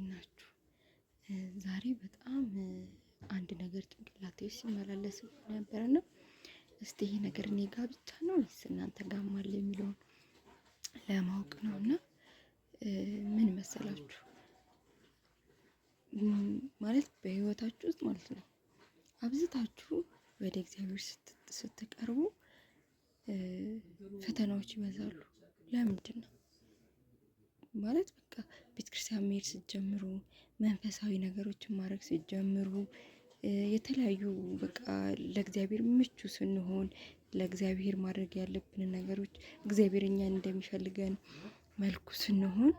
እንዴት ናችሁ? ዛሬ በጣም አንድ ነገር ጭንቅላቴ ውስጥ ሲመላለስ ነበር እና እስቲ ይሄ ነገር እኔ ጋ ብቻ ነው ወይስ እናንተ ጋም አለ የሚለውን ለማወቅ ነው እና ምን መሰላችሁ ማለት በህይወታችሁ ውስጥ ማለት ነው አብዝታችሁ ወደ እግዚአብሔር ስትቀርቡ ፈተናዎች ይበዛሉ። ለምንድን ነው? ማለት በቃ ቤተክርስቲያን መሄድ ስትጀምሩ፣ መንፈሳዊ ነገሮችን ማድረግ ስትጀምሩ፣ የተለያዩ በቃ ለእግዚአብሔር ምቹ ስንሆን ለእግዚአብሔር ማድረግ ያለብንን ነገሮች እግዚአብሔር እኛን እንደሚፈልገን መልኩ ስንሆን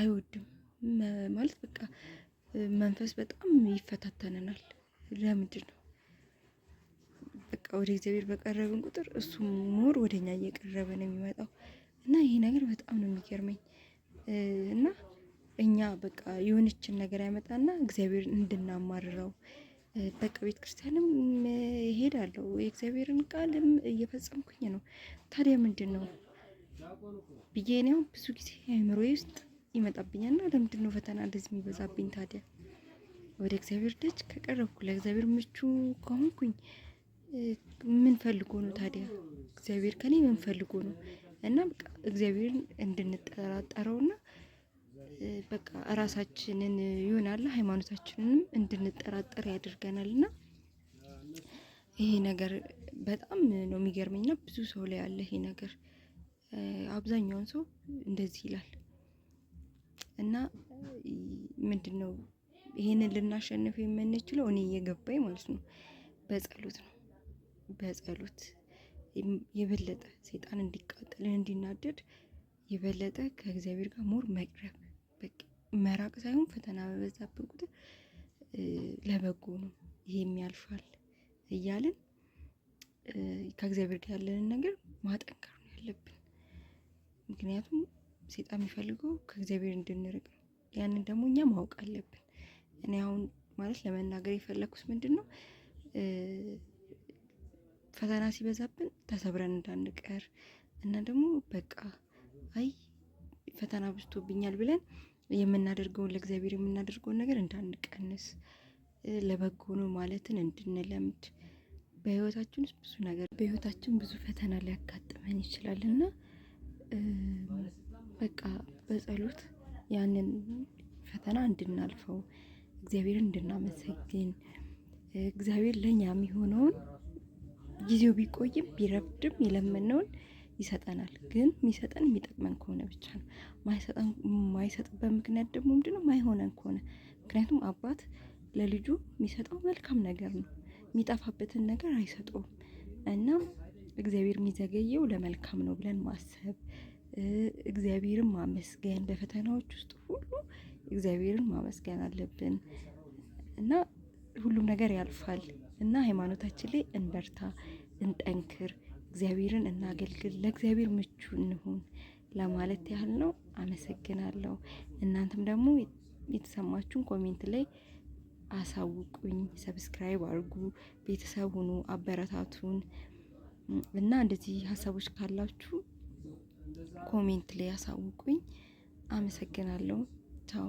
አይወድም ማለት በቃ መንፈስ በጣም ይፈታተነናል። ለምንድን ነው በቃ ወደ እግዚአብሔር በቀረብን ቁጥር እሱ ሞር ወደ እኛ እየቀረበ ነው የሚመጣው። እና ይሄ ነገር በጣም ነው የሚገርመኝ። እና እኛ በቃ የሆነችን ነገር ያመጣና እግዚአብሔር እንድናማርረው በቃ ቤተ ክርስቲያንም እሄዳለሁ የእግዚአብሔርን ቃልም እየፈጸምኩኝ ነው። ታዲያ ምንድን ነው ብዬ እኔ አሁን ብዙ ጊዜ አእምሮዬ ውስጥ ይመጣብኛልና ለምንድን ነው ፈተና እንደዚህ የሚበዛብኝ ታዲያ? ወደ እግዚአብሔር ደጅ ከቀረብኩ ለእግዚአብሔር ምቹ ከሆንኩኝ ምን ፈልጎ ነው ታዲያ? እግዚአብሔር ከኔ ምን ፈልጎ ነው? እና በቃ እግዚአብሔርን እንድንጠራጠረውና በቃ እራሳችንን ይሆናል ሃይማኖታችንንም እንድንጠራጠር ያደርገናል። እና ይሄ ነገር በጣም ነው የሚገርመኝና ብዙ ሰው ላይ ያለ ይሄ ነገር አብዛኛውን ሰው እንደዚህ ይላል። እና ምንድን ነው ይሄንን ልናሸንፍ የምንችለው እኔ እየገባኝ ማለት ነው በጸሎት ነው በጸሎት የበለጠ ሰይጣን እንዲቃጠልን እንዲናደድ የበለጠ ከእግዚአብሔር ጋር ሞር መቅረብ መራቅ ሳይሆን ፈተና በበዛበት ቁጥር ለበጎ ነው ይሄም ያልፋል እያልን ከእግዚአብሔር ጋር ያለንን ነገር ማጠንከር ነው ያለብን። ምክንያቱም ሴጣን የሚፈልገው ከእግዚአብሔር እንድንርቅ ነው። ያንን ደግሞ እኛ ማወቅ አለብን። እኔ አሁን ማለት ለመናገር የፈለግኩት ምንድን ነው ፈተና ሲበዛብን ተሰብረን እንዳንቀር እና ደግሞ በቃ አይ ፈተና በዝቶብኛል ብለን የምናደርገውን ለእግዚአብሔር የምናደርገውን ነገር እንዳንቀንስ ለበጎ ነው ማለትን እንድንለምድ በህይወታችን ውስጥ ብዙ ነገር በህይወታችን ብዙ ፈተና ሊያጋጥመን ይችላል እና በቃ በጸሎት ያንን ፈተና እንድናልፈው እግዚአብሔርን እንድናመሰግን እግዚአብሔር ለእኛ የሚሆነውን ጊዜው ቢቆይም ቢረፍድም የለመነውን ይሰጠናል። ግን የሚሰጠን የሚጠቅመን ከሆነ ብቻ ነው። ማይሰጥበት ምክንያት ደግሞ ምንድነው? ማይሆነን ከሆነ ምክንያቱም አባት ለልጁ የሚሰጠው መልካም ነገር ነው። የሚጠፋበትን ነገር አይሰጠውም። እና እግዚአብሔር የሚዘገየው ለመልካም ነው ብለን ማሰብ፣ እግዚአብሔርን ማመስገን፣ በፈተናዎች ውስጥ ሁሉ እግዚአብሔርን ማመስገን አለብን እና ሁሉም ነገር ያልፋል። እና ሃይማኖታችን ላይ እንበርታ፣ እንጠንክር፣ እግዚአብሔርን እናገልግል፣ ለእግዚአብሔር ምቹ እንሁን ለማለት ያህል ነው። አመሰግናለሁ። እናንተም ደግሞ የተሰማችሁን ኮሜንት ላይ አሳውቁኝ። ሰብስክራይብ አድርጉ፣ ቤተሰብ ሁኑ፣ አበረታቱን እና እንደዚህ ሀሳቦች ካላችሁ ኮሜንት ላይ አሳውቁኝ። አመሰግናለሁ። ቻው